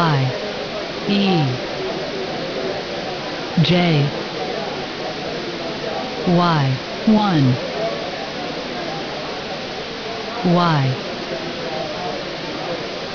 Y E J Y Y